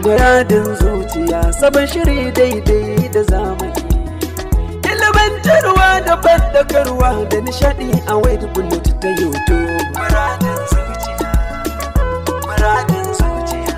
Muradin zuciya sabon shiri daidai da zamani. Ilimantarwa da bandakarwa da nishadi a wayar bullet ta YouTube. Muradin zuciya, muradin zuciya.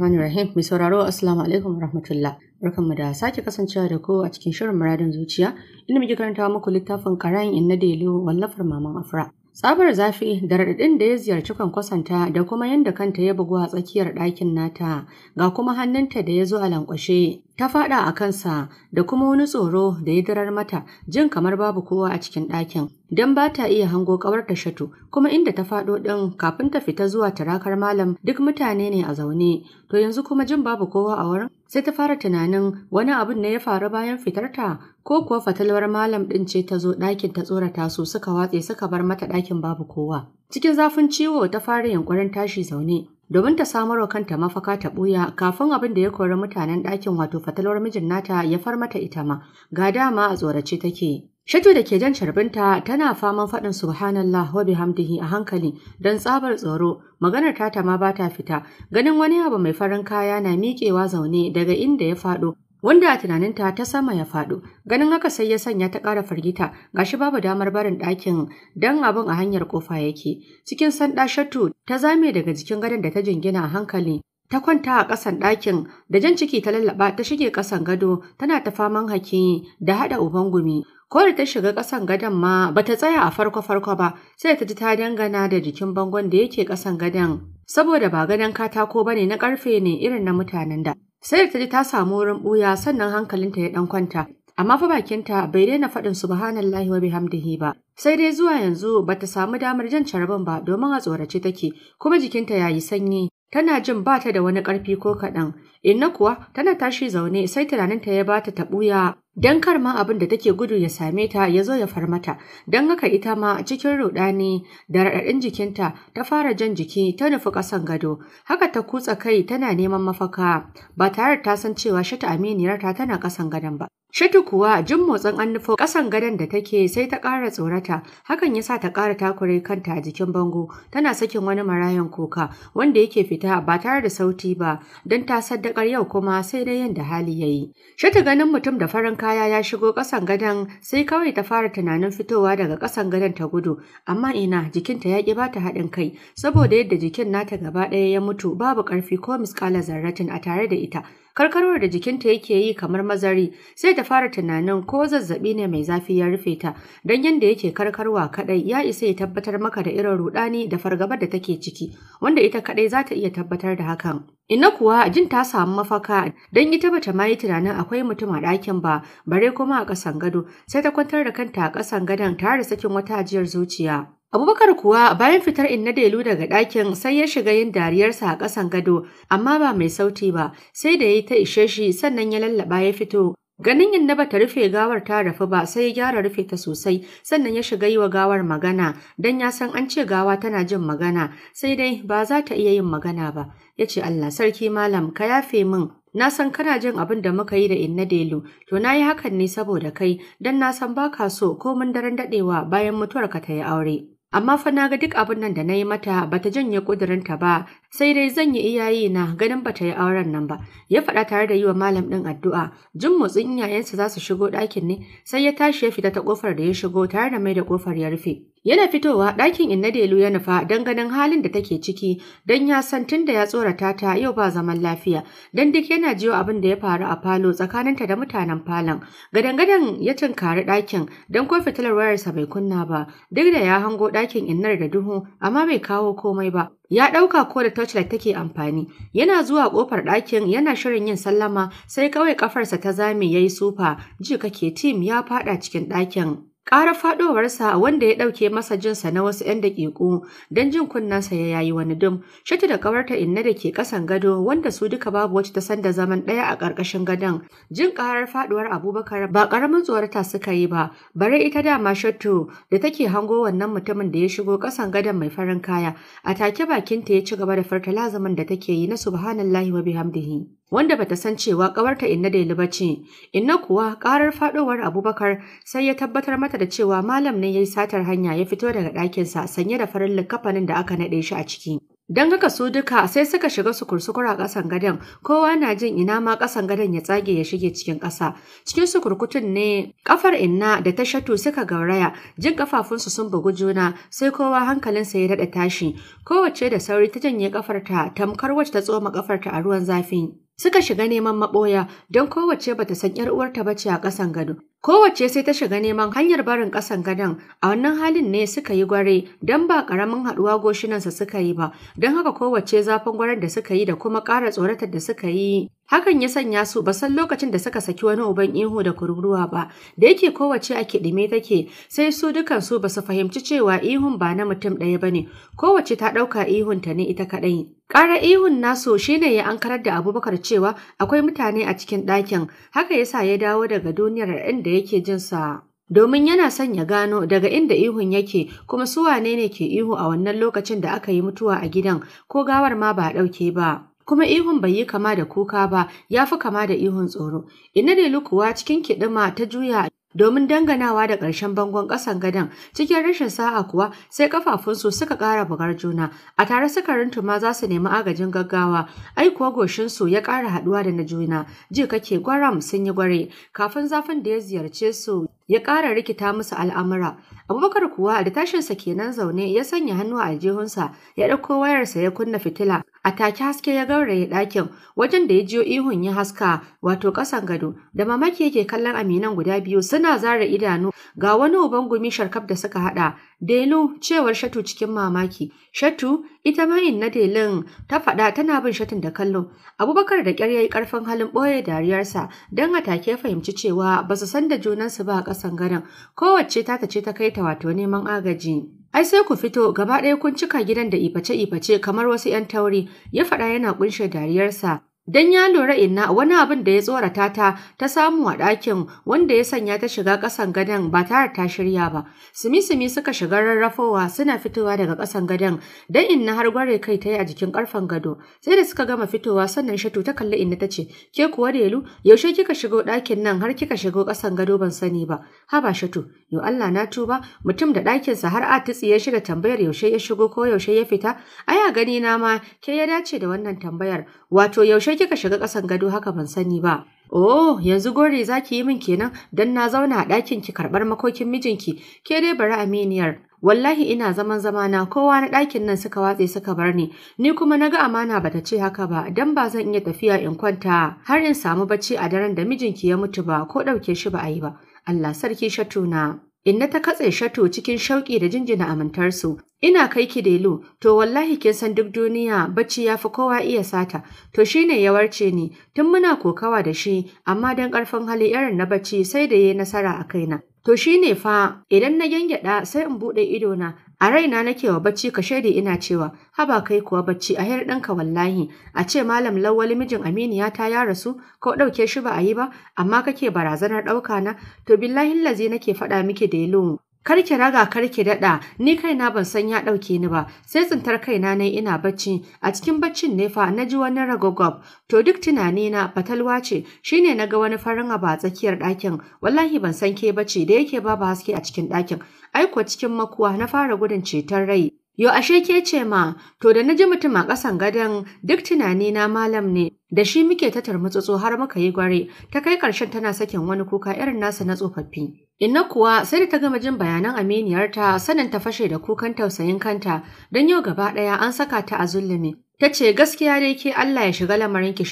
Rahim, mai sauraro Assalamu alaikum rahmatullah. Barkanmu da sake kasancewa da ko a cikin shirin muradin zuciya, inda muke karanta muku littafin karayin inna delu wallafar maman Afra. Tsabar zafi da raɗaɗin da ya ziyarci kwankwasanta da kuma yadda kanta ya bugu a tsakiyar ɗakin nata, ga kuma hannunta da ya zo a lankwashe, ta faɗa a kansa da kuma wani tsoro da ya darar mata jin kamar babu kowa a cikin ɗakin. Don ba ta iya hango ƙawarta shatu, kuma inda ta faɗo ɗin kafin ta fita zuwa tarakar malam duk mutane ne a zaune, to yanzu kuma jin babu kowa a wurin sai ta fara tunanin wani abin ne ya faru bayan fitarta ko kuwa fatalwar malam ɗin ce ta zo ɗakin ta tsorata su suka watse suka bar mata ɗakin babu kowa. Cikin zafin ciwo ta fara yunƙurin tashi zaune domin ta samar wa kanta mafaka ta ɓuya kafin abin da ya kori mutanen ɗakin wato fatalwar mijin nata ya far mata ita ma ga dama a tsorace take. Shatu da ke jan sharbinta tana faman faɗin subhanallah wa bihamdihi a hankali don tsabar tsoro maganar tata ma ba ta fita ganin wani abu mai farin kaya na miƙewa zaune daga inda ya faɗo wanda a tunaninta ta sama ya faɗo ganin haka sai ya sanya ta ƙara fargita gashi babu damar barin ɗakin dan abin a hanyar kofa yake cikin sanda shatu ta zame daga jikin gadon da ta jingina a hankali ta kwanta a ƙasan ɗakin da jan ciki ta lallaba ta shige ƙasan gado tana ta faman haki da haɗa uban gumi ko da ta shiga ƙasan gadon ma bata tsaya a farko farko ba sai ta ji ta dangana da jikin bangon da yake ƙasan gadon saboda ba gadon katako bane na ƙarfe ne irin na mutanen da Sai da ta ji ta samu wurin ɓuya sannan hankalinta ya ɗan kwanta. Amma fa bakinta bai daina faɗin subhanallahi wa bihamdihi ba. Sai dai zuwa yanzu bata samu damar jan carabin ba domin a tsorace take kuma jikinta yayi sanyi Tana jin ba ta da wani ƙarfi ko kaɗan, inna kuwa tana tashi zaune sai tunaninta ya ba ta taɓuya don kar ma abin da take gudu ya same ta ya zo ya far mata, don haka ita ma cikin ruɗani da raɗaɗin jikinta ta fara jan jiki ta nufi ƙasan gado, haka ta kutsa kai tana neman mafaka ba tare da ta san cewa shata aminiyarta tana ƙasan gadon ba. Shatu kuwa jin motsin annufo kasan ƙasan gadon da take sai ta ƙara tsorata, hakan ya sa ta ƙara takure kanta a jikin bango, tana sakin wani marayan kuka wanda yake fita ba tare da sauti ba don ta saddakar yau kuma sai dai yadda hali ya yi. Shatu ganin mutum da farin kaya ya shigo ƙasan gadon sai kawai ta fara tunanin fitowa daga ƙasan gadon ta gudu, amma ina jikinta ya ƙi bata haɗin kai saboda yadda jikin nata gaba ɗaya ya mutu babu ƙarfi ko miskala zarratin a tare da ita. karkarwar da jikinta yake yi kamar mazari sai ta fara tunanin ko zazzabi ne mai zafi ya rufe ta don yadda yake karkarwa kadai ya isa ya tabbatar maka da irin rudani da fargabar da take ciki wanda ita kadai za ta iya tabbatar da hakan Ina kuwa jin ta samu mafaka don ita bata ma yi tunanin akwai mutum a ɗakin ba bare kuma a ƙasan gado sai ta kwantar da kanta a ƙasan gadon tare da sakin wata ajiyar zuciya. Abubakar kuwa bayan fitar inna delu daga ɗakin sai ya shiga yin dariyarsa a ƙasan gado amma ba mai sauti ba sai da ya ta ishe shi sannan ya lallaba ya fito Ganin inna ta rufe gawar ta rafu ba sai ya gyara rufe ta sosai sannan ya shiga yi wa gawar magana don ya san an ce gawa tana jin magana sai dai ba za ta iya yin magana ba ya ce Allah sarki malam ka yafe min na san kana jin abin da muka yi da inna delu to na yi hakan ne saboda kai don na san baka so ko mun daren daɗewa bayan mutuwar ka ta yi aure. Amma fa na ga duk abin nan da na yi mata bata janye kudurinta ba, sai dai zan yi iyaye na ganin bata yi auren nan ba. Ya faɗa tare da yi wa malam ɗin addu'a, jin motsin iyayensa za su shigo ɗakin ne, sai ya tashi ya fita ta ƙofar da ya shigo tare da mai da ƙofar ya rufe. Yana fitowa ɗakin inna Delu ya nufa don ganin halin da take ciki don ya san tun da ya tsorata ta yau ba zaman lafiya don duk yana jiyo abin da ya faru a falo tsakaninta da mutanen falon. Gadangadan ya tunkari ɗakin don ko fitilar wayarsa bai kunna ba duk da ya hango ɗakin innar da duhu amma bai kawo komai ba. ya ɗauka ko da torchlight take amfani yana zuwa ƙofar ɗakin yana shirin yin sallama sai kawai ƙafarsa ta zame ya yi sufa ji kake tim ya faɗa cikin ɗakin Ƙara faɗowarsa wanda ya ɗauke masa jinsa na wasu ‘yan daƙiƙu don jin kunnensa ya yayi wani dum, shatu da ƙawarta inna da ke ƙasan gado wanda su duka babu wacce ta san da zaman ɗaya a ƙarƙashin gadon. Jin ƙarar faɗuwar Abubakar ba ƙaramin tsorata suka yi ba, bare ita dama shatu da take hango wannan mutumin da ya shigo ƙasan gadon mai farin kaya, a take bakinta ya ci gaba da farta lazumin da take yi na subhanallahi wa bihamdihi. wanda bata san cewa ƙawarta Inna da ba ce. Inna kuwa ƙarar faɗowar Abubakar sai ya tabbatar mata da cewa malam ne ya yi satar hanya ya fito daga ɗakinsa sanye da farin likafanin da aka naɗe shi a ciki. Don haka su duka sai suka shiga su kursukura ƙasan gadon, kowa na jin ina ma ƙasan gadon ya tsage ya shige cikin ƙasa. Cikin kurkutun ne ƙafar inna da ta shatu suka gauraya, jin ƙafafunsu sun bugu juna, sai kowa hankalinsa ya daɗe tashi. Kowace da sauri ta janye kafarta tamkar wacce ta tsoma kafarta a ruwan zafi. Suka shiga neman maɓoya don kowace bata san ‘yar uwarta bace a ƙasan gado. Kowace sai ta shiga neman hanyar barin ƙasan gadon, a wannan halin ne suka yi gware don ba ƙaramin haɗuwa goshinansa suka yi ba, don haka kowace zafin gwaren da suka yi da kuma ƙara tsoratar da suka yi. Hakan ya sanya su basan lokacin da suka saki wani uban ihu da kururuwa ba, da yake kowace a kiɗime take, sai su dukan su ba su fahimci cewa ihun ba na mutum ɗaya ba ne, kowace ta ɗauka ihun ta ne ita kaɗai. Ƙara ihun nasu shine ya ankarar da Abubakar cewa akwai mutane a cikin ɗakin, haka ya sa ya dawo daga duniyar inda yake jinsa domin yana son ya gano daga inda ihun yake kuma su wane ne ke ihu a wannan lokacin da aka yi mutuwa a gidan ko gawar ma ba a ɗauke ba. Kuma ihun bai yi kama da kuka ba, ya fi kama da ihun tsoro. Ina ne lukuwa cikin kiɗima ta juya domin danganawa da ƙarshen bangon ƙasan gadon cikin rashin sa'a kuwa sai ƙafafunsu suka ƙara bugar juna a tare suka rintuma za su nemi agajin gaggawa ai kuwa goshinsu ya ƙara haɗuwa da na juna ji kake gwaram sun yi gware kafin zafin da ya ziyarce su ya ƙara rikita musu al'amura abubakar kuwa da tashinsa kenan zaune ya sanya hannu a aljihunsa ya ɗauko wayarsa ya kunna fitila A take haske ya gauraye ɗakin wajen da ya jiyo ihun ya haska wato ƙasan gado da mamaki yake kallon aminan guda biyu suna zara idanu ga wani uban gumi sharkaf da suka haɗa Delu cewar Shatu cikin mamaki. Shatu ita ma na Delin ta faɗa tana bin Shatin da kallo. Abubakar da ƙyar yayi ƙarfin halin ɓoye dariyarsa don a take fahimci cewa ba su san da junansu ba a ƙasan gadon. Kowacce ta ta ce ta kai ta wato neman agaji. Ai sai ku fito gaba ɗaya kun cika gidan da iface-iface kamar wasu ‘yan tauri, ya faɗa yana ƙunshe dariyarsa Don ya lura inna wani abin da ya tsorata ta ta samu a ɗakin wanda ya sanya ta shiga ƙasan gadon ba tare ta shirya ba. Sumi-sumi suka shiga rarrafowa suna fitowa daga ƙasan gadon dan inna har gware kai ta yi a jikin ƙarfen gado. Sai da suka gama fitowa sannan shatu ta kalli inna ta ce, Ke kuwa Delu, yaushe kika shigo ɗakin nan har kika shigo ƙasan gado ban sani ba. "Ha ba shatu, yo Allah na tuba, mutum da ɗakinsa har a tutsi ya shiga tambayar yaushe ya shigo ko yaushe ya fita. "Aya gani na ma ke ya dace da wannan tambayar. Wato yaushe kika shiga ƙasan gado haka ban sani ba. Oh, yanzu gore za ki yi min kenan don na zauna a ɗakin ki karɓar makokin mijinki, ke dai bari aminiyar. Wallahi ina zaman zamana kowa na ɗakin nan suka watse suka bar ni, ni kuma na ga amana bata ce haka ba don ba zan iya tafiya in kwanta har in samu bacci a daren da mijinki ya mutu ba ko ɗauke shi ba a yi ba. Allah sarki shatuna. Inna ta katse shato cikin shauƙi da jinjina amintarsu. Ina kai ki delu, to wallahi kin san duk duniya bacci ya fi kowa iya sata, to shi ne ya ni, tun muna kokawa da shi, amma don ƙarfin hali irin na bacci sai da ya yi nasara a kaina. To shi ne fa, idan na gyangyaɗa sai in buɗe idona, A raina nake wa bacci ka shaidi ina cewa haba kai kuwa bacci a har ɗinka wallahi a ce malam lawali mijin aminiya ta ya rasu ko ɗauke shi ba a yi ba amma kake barazanar ɗauka na to billahi lazi nake faɗa miki da yalo kar ki raga kar ki daɗa ni kaina ban san ya ɗauke ni ba sai tsintar kaina ne ina bacci a cikin baccin ne fa na ji wani ragogab to duk tunani na fatalwa ce Shi ne na ga wani farin abu a tsakiyar ɗakin wallahi ban san ke bacci da yake babu haske a cikin ɗakin aiko cikin makuwa na fara gudun ceton rai. Yo ashe ke ce ma, to da na ji mutum a ƙasan gadon duk tunani na malam ne, da shi muke ta tarmutsutsu har muka yi gwari. ta kai ƙarshen tana sakin wani kuka irin nasa na tsofaffi. Inna kuwa sai da ta gama jin bayanan aminiyarta sanin ta fashe da kukan tausayin kanta don yau gaba ɗaya an saka ta a zulumi. Ta ce gaskiya dai ke Allah ya shiga lamarin ki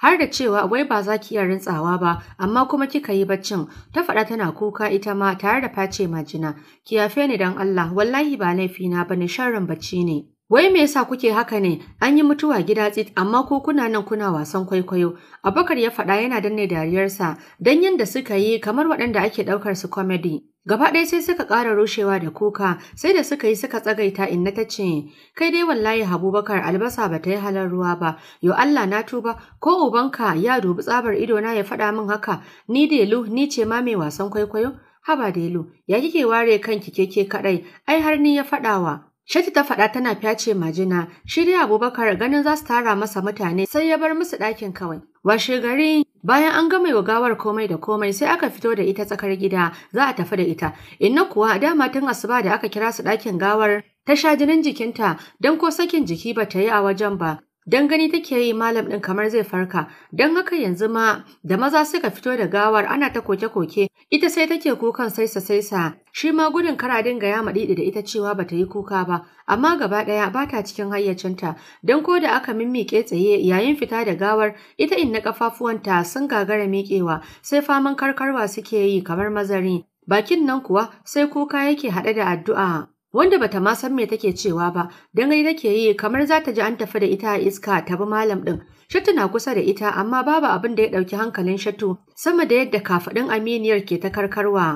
har da cewa wai ba za ki iya rintsawa ba amma kuma kika yi baccin ta faɗa tana kuka ita ma tare da face majina ki yafe ni dan Allah wallahi ba laifi na bane sharrin bacci ne. Wai me yasa kuke haka ne? An yi mutuwa gida tsit amma ko kuna nan kuna wasan kwaikwayo. Abubakar ya faɗa yana danne dariyarsa don yadda suka yi kamar waɗanda ake ɗaukar su komedi Gaba ɗaya sai suka ƙara rushewa da kuka sai da suka yi suka tsagaita inna ta ce, Kai dai wallahi Habubakar albasa ba ta yi halar ruwa ba, yo Allah na tuba ko ubanka ya dubi tsabar ido na ya faɗa min haka, ni delu ni ce ma mai wasan kwaikwayo? Haba delu, ya kike ware kanki keke kaɗai, ai har ni ya faɗawa. Shati ta faɗa tana fyace majina, shi dai Abubakar ganin za su tara masa mutane sai ya bar musu ɗakin kawai. Washe gari bayan an gama wa gawar komai da komai sai aka fito da ita tsakar gida za a tafi da ita. Inna kuwa dama tun asuba da aka kira su ɗakin gawar ta sha jinin jikinta don ko sakin jiki ba ta yi a wajen ba don gani take yi malam ɗin kamar zai farka don haka yanzu ma da maza suka fito da gawar ana ta koke-koke ita sai take kukan saisa saisa shi ma gudun kara dinga ya maɗiɗi da ita cewa bata yi kuka ba amma gaba ɗaya bata cikin hayyacinta don ko da aka mimmiƙe tsaye yayin fita da gawar ita in na ƙafafuwanta sun gagara miƙewa sai faman karkarwa suke yi kamar mazari bakin nan kuwa sai kuka yake haɗe da addu'a wanda bata ma san me take cewa ba dan gani take yi kamar za ta ji an tafi da ita a iska ta bi malam din Shatu na kusa da ita amma babu abin da ya dauki hankalin Shatu sama da yadda kafadin aminiyar ke ta karkarwa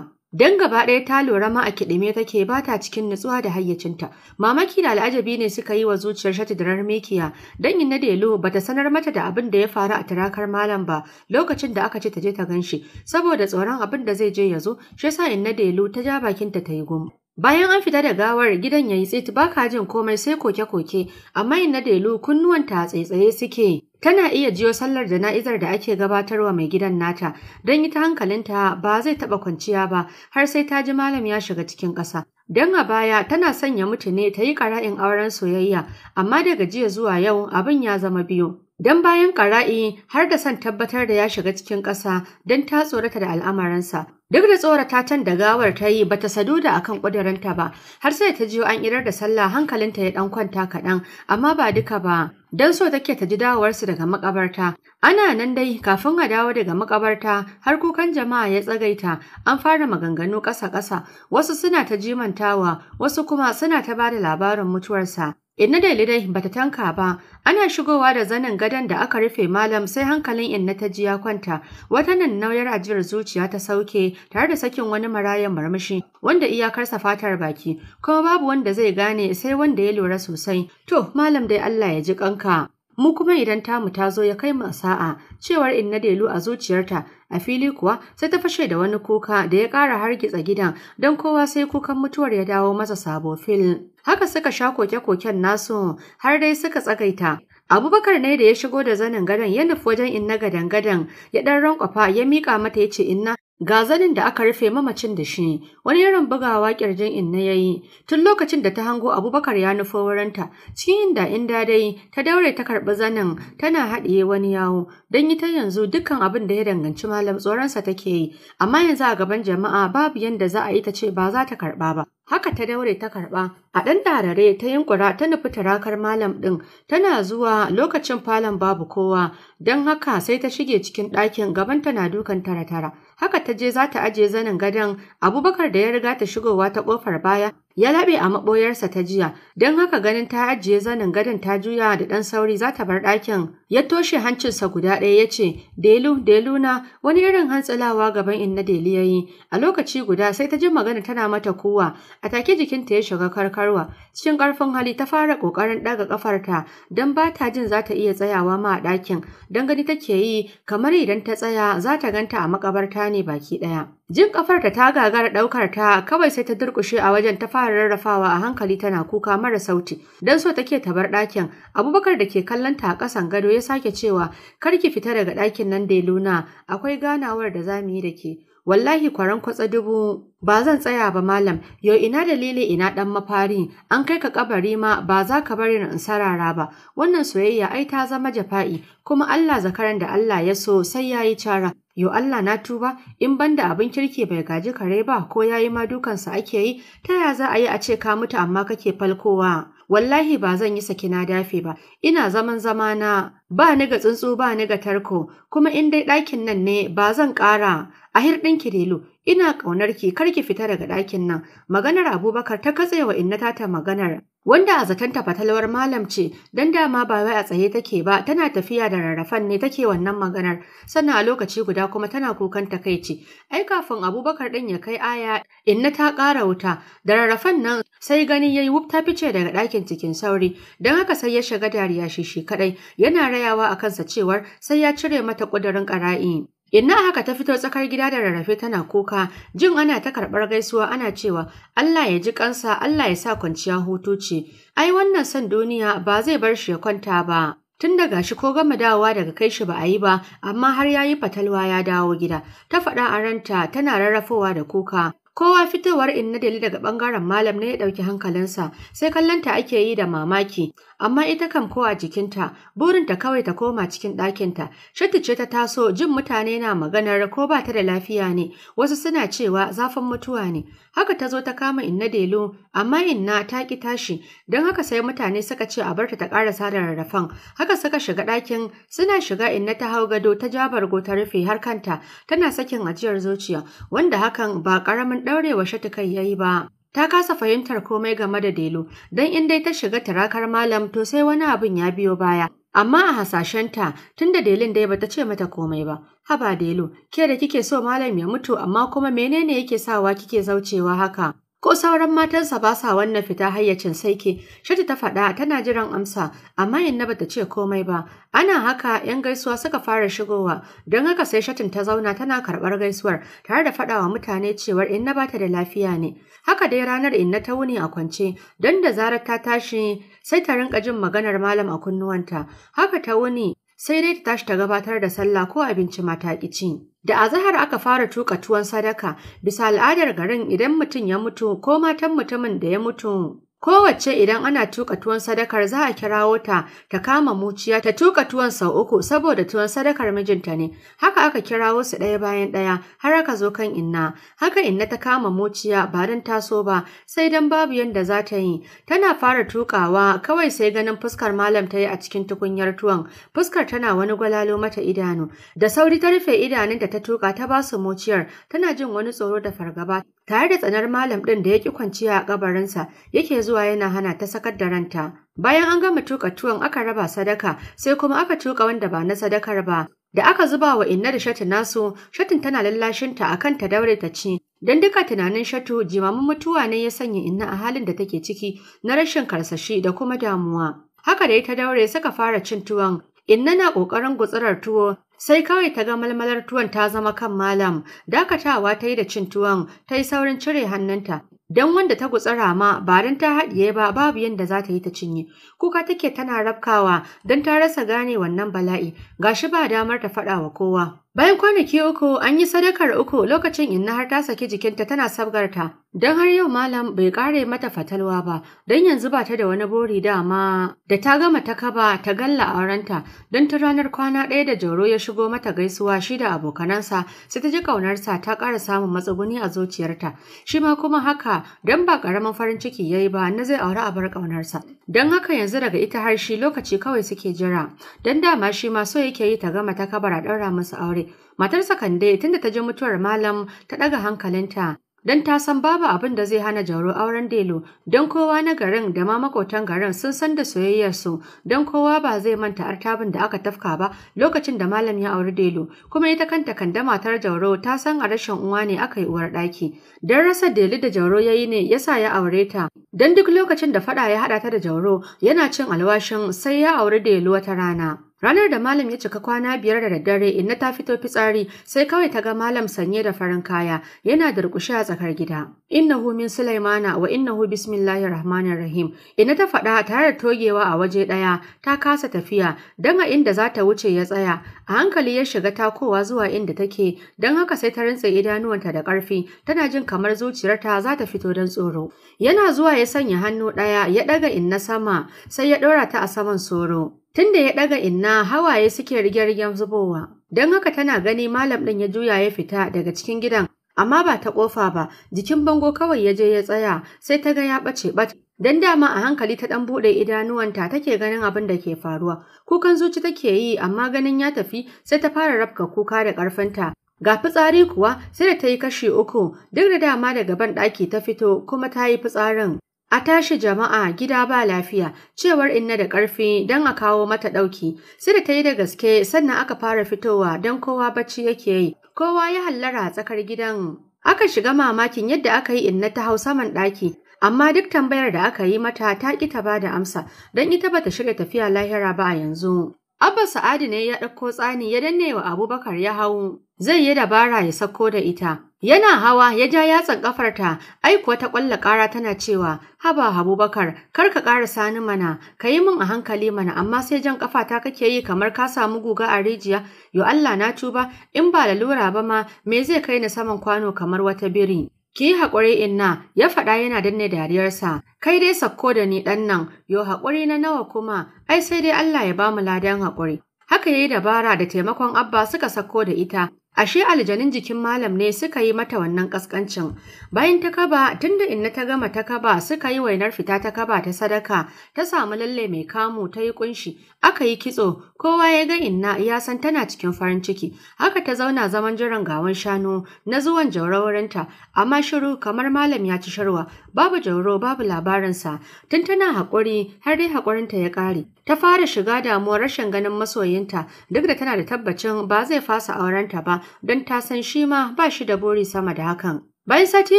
Dan gaba ɗaya ta lura ma a kiɗime take ba ta cikin nutsuwa da hayyacinta. Mamaki da al'ajabi ne suka yi wa zuciyar Shatu da mekiya. Dan inna Delu ba ta sanar mata da abin da ya faru a tarakar malam ba lokacin da aka ce ta je ta ganshi saboda tsoron abin da zai je ya zo shi yasa na Delu ta ja bakinta ta yi gum. Bayan an fita da gawar gidan ya yi tsit ba ka jin komai sai koke-koke, amma na Delu kunnuwanta tsaitsaye suke. Tana iya jiyo sallar jana'izar da ake gabatarwa mai gidan nata, don ita hankalinta ba zai taɓa kwanciya ba har sai ta ji malam ya shiga cikin ƙasa. Don a baya tana sanya mutu ne ta yi ƙara'in auren soyayya, amma daga jiya zuwa yau abin ya zama biyu. Don bayan ƙara'i har da son tabbatar da ya shiga cikin ƙasa don ta tsorata da al'amarinsa. Duk da tsorata tan da gawar ta yi bata saduda akan ƙudurinta ba, har sai ta jiyo an idar da sallah hankalinta ya ɗan kwanta kaɗan, amma ba duka ba, don so take ta ji dawowarsu daga makabarta. Ana nan dai kafin a dawo daga makabarta har kukan jama'a ya tsagaita an fara maganganu ƙasa-ƙasa, wasu suna ta jimantawa, wasu kuma suna ta ba da labarin mutuwarsa. Inna eh, da dai bata tanka ba, ana shigowa da zanin gadon da aka rufe malam sai hankalin inna ta ji ya kwanta, wata nan nauyar ajiyar zuciya ta sauke tare da sakin wani marayan marmashi wanda iyakarsa fatar baki, kuma babu wanda zai gane sai wanda ya lura sosai. To, malam dai Allah ya ji kanka. mu kuma idan tamu ta zo ya kai mu sa'a cewar inna delu a zuciyarta a fili kuwa sai ta fashe da wani kuka da ya ƙara hargitsa gidan don kowa sai kukan mutuwar ya dawo masa sabo fil haka suka sha koke-koken nasu har dai suka tsagaita Abubakar ne da ya shigo da zanin gadon ya nufi wajen inna gadan gadan ya dan rankwafa ya mika mata ya ce inna Ga zanin da aka rufe mamacin da shi, wani yaron bugawa kirjin inna ya yi, tun lokacin da ta hango Abubakar ya nufo wurinta, cikin inda inda dai ta daure ta karɓi zanin tana haɗiye wani yawo, don yi ta yanzu dukkan abin da ya danganci malam tsoronsa take yi, amma yanzu a gaban jama'a babu yanda za a yi ta ce ba za ta karɓa ba. haka ta daure ta karɓa a ɗan ɗarare ta yunkura ta nufi tarakar malam ɗin tana zuwa lokacin falon babu kowa don haka sai ta shige cikin ɗakin gaban tana dukan tara tara haka ta je za ta ajiye zanin gadon abubakar da ya riga ta shigowa ta ƙofar baya Ya laɓe a maɓoyarsa ta jiya, don haka ganin ta ajiye zanin gadon ta juya da ɗan sauri za ta bar ɗakin. Ya toshe hancinsa guda ɗaya ya ce, Delu, Delu na? wani irin hantsalawa gaban in na deli ya yi. A lokaci guda sai ta ji magana tana mata kuwa, a take jikinta ya shiga karkarwa. Cikin ƙarfin hali ta fara ƙoƙarin ɗaga ƙafarta don ba ta jin za ta iya tsayawa ma a ɗakin, don gani take yi kamar idan ta tsaya za ta ganta a makabarta ne baki ɗaya. Jin kafar ta ta gagara daukar ta kawai sai ta durkushe a wajen ta fara rarrafawa a hankali tana kuka mara sauti dan so take ta bar ɗakin. Abubakar da ke kallon ta a ƙasan gado ya sake cewa kar ki fita daga ɗakin nan da Luna akwai ganawar da zamu yi da ke. Wallahi kwaran kwatsa dubu ba zan tsaya ba malam yau ina dalili ina dan mafari an kai ka kabari ma ba za ka bari in sarara ba wannan soyayya ai ta zama jafa'i kuma Allah zakaran da Allah ya so sai yayi cara yo Allah na tuba in banda abin kirki bai gaji kare ba ko yayi ma dukansa ake yi ta ya za a yi a ce ka mutu amma kake falkowa wallahi ba zan yi saki na dafe ba ina zaman zama na ba ni ga tsuntsu ba ni ga tarko kuma in dai ɗakin nan ne ba zan ƙara a hirɗin Delu, ina ƙaunarki ki kar ki fita daga ɗakin nan maganar abubakar ta katse wa inna ta ta maganar wanda a zaton ta fatalwar malam ce don dama ba wai a tsaye take ba tana tafiya da rarrafan ne take wannan maganar sannan a lokaci guda kuma tana kukan ta kaici. ai kafin abubakar ɗin ya kai aya inna ta ƙara wuta da rarrafan nan sai gani yayi wuf ta fice daga ɗakin aikin cikin sauri don haka sai ya shiga dariya shi shi kaɗai yana rayawa a kansa cewar sai ya cire mata kudurin ƙara'i. Inna haka ta fito tsakar gida da rarrafe tana kuka, jin ana ta karɓar gaisuwa ana cewa Allah ya ji kansa, Allah ya sa kwanciya hutu ce. Ai wannan son duniya ba zai bar shi ya kwanta ba. Tun daga shi ko gama dawowa daga kai shi ba a yi ba, amma har ya yi fatalwa ya dawo gida. Ta faɗa a ranta tana rarrafowa da kuka. Kowa fitowar inna dali daga ɓangaren malam ne ya ɗauki hankalinsa, sai kallonta ake yi da mamaki, amma ita kam kowa jikinta, burinta kawai ta koma cikin ɗakinta. Shattu ce ta taso jin mutane na maganar ko ba ta da lafiya ne, wasu suna cewa zafin mutuwa ne. Haka ta zo ta kama inna delu, amma inna ta ki tashi, don haka sai mutane suka ce a barta ta ƙara sada rarrafan. Haka suka shiga ɗakin, suna shiga inna ta hau gado ta ja bargo ta rufe har kanta, tana sakin ajiyar zuciya, wanda hakan ba ƙaramin ƙoƙarin ɗaurewa shatukan kai ya yi ba. Ta kasa fahimtar komai game da Delu, don in dai ta shiga tarakar malam to sai wani abin ya biyo baya. Amma a hasashenta, tunda Delin dai bata ce mata komai ba. Haba Delu, ke da kike so malam ya mutu amma kuma menene yake sawa kike zaucewa haka? Ko sauran matansa ba sa wannan fita hayyacin saiki, Shatu ta faɗa tana jiran amsa, amma Yanna bata ce komai ba. Ana haka ‘yan gaisuwa suka fara shigowa, don haka sai Shatin ta zauna tana karɓar gaisuwar tare da faɗawa mutane cewar Inna bata da lafiya ne. Haka dai ranar Inna ta wuni a kwance, don da zarar ta tashi sai ta rinka jin maganar malam a kunnuwanta. Haka ta wuni sai dai ta tashi ta gabatar da sallah ko abinci mata ta ci. Da azahar aka fara tuka tuwon sadaka bisa al'adar garin idan mutum ya mutu ko matan mutumin da ya mutu Kowacce idan ana tuka tuwon sadakar za a kirawo ta ta kama muciya ta tuka tuwon sau uku saboda tuwon sadakar mijinta ne. Haka aka kirawo su ɗaya bayan ɗaya har aka zo kan inna. Haka inna ta kama muciya ba don taso ba sai don babu yadda za ta yi. Tana fara tukawa kawai sai ganin fuskar malam ta yi a cikin tukunyar tuwon. Fuskar tana wani gwalalo mata idanu. Da sauri ta rufe idanun da ta tuka ta ba su muciyar tana jin wani tsoro da fargaba. tare da tsanar malam ɗin da ya ƙi kwanciya a ƙabarinsa yake zuwa yana hana ta sakar da ranta. Bayan an gama tuka tuwon aka raba sadaka sai kuma aka tuka wanda ba na sadakar ba. Da aka zuba wa inna da shatin nasu, shatin tana lallashinta a kan ta daure ta ci. Don duka tunanin shatu jimamin mutuwa ne ya sanya inna a halin da take ciki na rashin karsashi da kuma damuwa. Haka da ya ta daure saka fara cin tuwon, inna na ƙoƙarin gutsurar tuwo sai kawai ta ga malmalar tuwon ta zama kan malam dakatawa ta yi da cin tuwon ta yi saurin cire hannunta don wanda ta gutsara ma barin ta haɗiye ba babu yadda za ta yi ta cinye kuka take tana rabkawa don ta rasa gane wannan bala'i gashi ba damar ta faɗa wa kowa Bayan kwanaki uku an yi sadakar uku lokacin inna har ta saki jikinta tana sabgarta don har yau malam bai kare mata fatalwa ba don yanzu ba ta da wani buri dama da ta gama ta kaba ta galla aurenta don ta ranar kwana ɗaya da Jauro ya shigo mata gaisuwa shi da abokanansa sai ta ji ƙaunarsa ta ƙara samun matsuguni a zuciyarta shi ma kuma haka don ba ƙaramin farin ciki ya yi ba na zai aure a bar ƙaunarsa don haka yanzu daga ita har shi lokaci kawai suke jira don dama shi ma so yake yi ta gama ta kabara ɗaura musu aure aure. Matarsa Kande tunda ta ji mutuwar malam ta ɗaga hankalinta don ta san babu abin da zai hana Jauro auren Delu don kowa na garin da ma makotan garin sun san da soyayyarsu don kowa ba zai manta artabin da aka tafka ba lokacin da malam ya auri Delu kuma ita kanta kanda matar Jauro ta san a rashin uwa ne aka yi uwar ɗaki don rasa Delu da Jauro ya yi ne yasa ya aure ta don duk lokacin da faɗa ya haɗa ta da Jauro yana cin alwashin sai ya auri Delu wata rana. Ranar da malam ya cika kwana biyar da daddare inna ta fito fitsari sai kawai ta ga malam sanye da farin kaya yana da durƙushe a tsakar gida. Innahu min Sulaimana wa innahu bismillahir rahmanir rahim. Inna ta faɗa tare da togewa a waje ɗaya ta kasa tafiya dan a inda za ta wuce ya tsaya. A hankali ya shiga takowa zuwa inda take dan haka sai ta rantsa idanuwanta da karfi tana jin kamar zuciyarta za ta fito dan tsoro. Yana zuwa ya sanya hannu ɗaya ya ɗaga inna sama sai ya ɗora ta a saman soro. Tun da ya ɗaga inna hawaye suke rige-rigen zubowa, don haka tana gani malam ɗin ya juya ya fita daga cikin gidan, amma ba ta ƙofa ba, jikin bango kawai ya je ya tsaya, sai ta ga ya ɓace ɓace. Don dama a hankali ta ɗan buɗe idanuwanta take ganin abin da ke faruwa, kukan zuci take yi amma ganin ya tafi sai ta fara rafka kuka da ƙarfinta. Ga fitsari kuwa sai da ta yi kashi uku, duk da dama daga ban ɗaki ta fito kuma ta yi fitsarin. A tashi jama'a gida ba lafiya, cewar inna da ƙarfi don a kawo mata ɗauki. Sai da ta yi da gaske sannan aka fara fitowa don kowa bacci yake yi. Kowa ya hallara tsakar gidan. Aka shiga mamakin yadda aka yi inna ta hau saman ɗaki. Amma duk tambayar da aka yi mata ta ƙi ta ba da amsa, don ita ba ta shirya tafiya lahira ba a yanzu. Abba Sa'adu ne ya ɗauko tsani ya danne wa Abubakar ya hau, zai yi dabara ya sako da ita. Yana hawa ya ja yatsan ƙafarta, ai kuwa ta ƙwalla ƙara tana cewa, Haba Abubakar, kar ka ƙara sani mana, ka yi min a hankali mana, amma sai jan ƙafata kake yi kamar ka samu guga a rijiya, yo Allah na tuba, in ba lalura ba ma, me zai kai ni saman kwano kamar wata biri. Ki haƙuri inna, ya faɗa yana danne dariyarsa, kai dai sakko da ni ɗan nan, yo haƙuri na nawa kuma, ai sai dai Allah ya ba mu ladan haƙuri. Haka ya yi dabara da taimakon Abba suka sako da ita, Ashe aljanin jikin malam ne suka yi mata wannan kaskancin. Bayan ta kaba tunda inna ta gama ta kaba suka yi wainar fita ta kaba ta sadaka ta samu lalle mai kamu ta yi kunshi aka yi kitso kowa ya ga inna ya san tana cikin farin ciki haka ta zauna zaman jiran gawan shanu na zuwan jaurawarinta, amma shiru kamar malam ya ci sharwa babu jauro babu labarinsa tun tana haƙuri har dai haƙurinta ya ƙare. Ta fara shiga damuwar rashin ganin masoyinta duk da tana da tabbacin ba zai fasa aurenta ba don ta san shi ma ba shi da buri sama da hakan. Bayan sati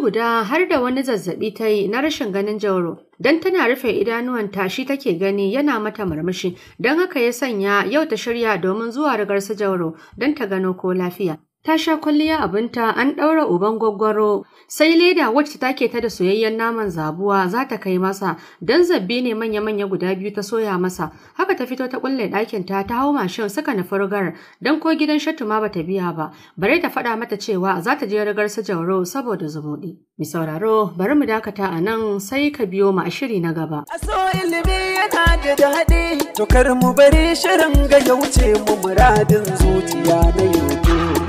guda har da wani zazzaɓi ta yi na rashin ganin jauro, don tana rufe idanuwanta shi take gani yana mata murmushi, don haka ya sanya yau ta shirya domin zuwa rigar sa jauro don ta gano ko lafiya. ta sha kwalliya abinta an ɗaura uban gwaggwaro sai leda wacce take ta da soyayyen naman zabuwa za ta kai masa don zabbi ne manya-manya guda biyu ta soya masa haka ta fito ta kulle ɗakin ta ta hau mashin saka na furgar don ko gidan shattu ma bata biya ba bare ta faɗa mata cewa za ta je rigar su jauro saboda zumuɗi. Mi sauraro bari mu dakata a nan sai ka biyo mu a shiri na gaba. A so ilimi yana da daɗi to kar mu bari shirin ga ya wuce mu muradin zuciya na yau.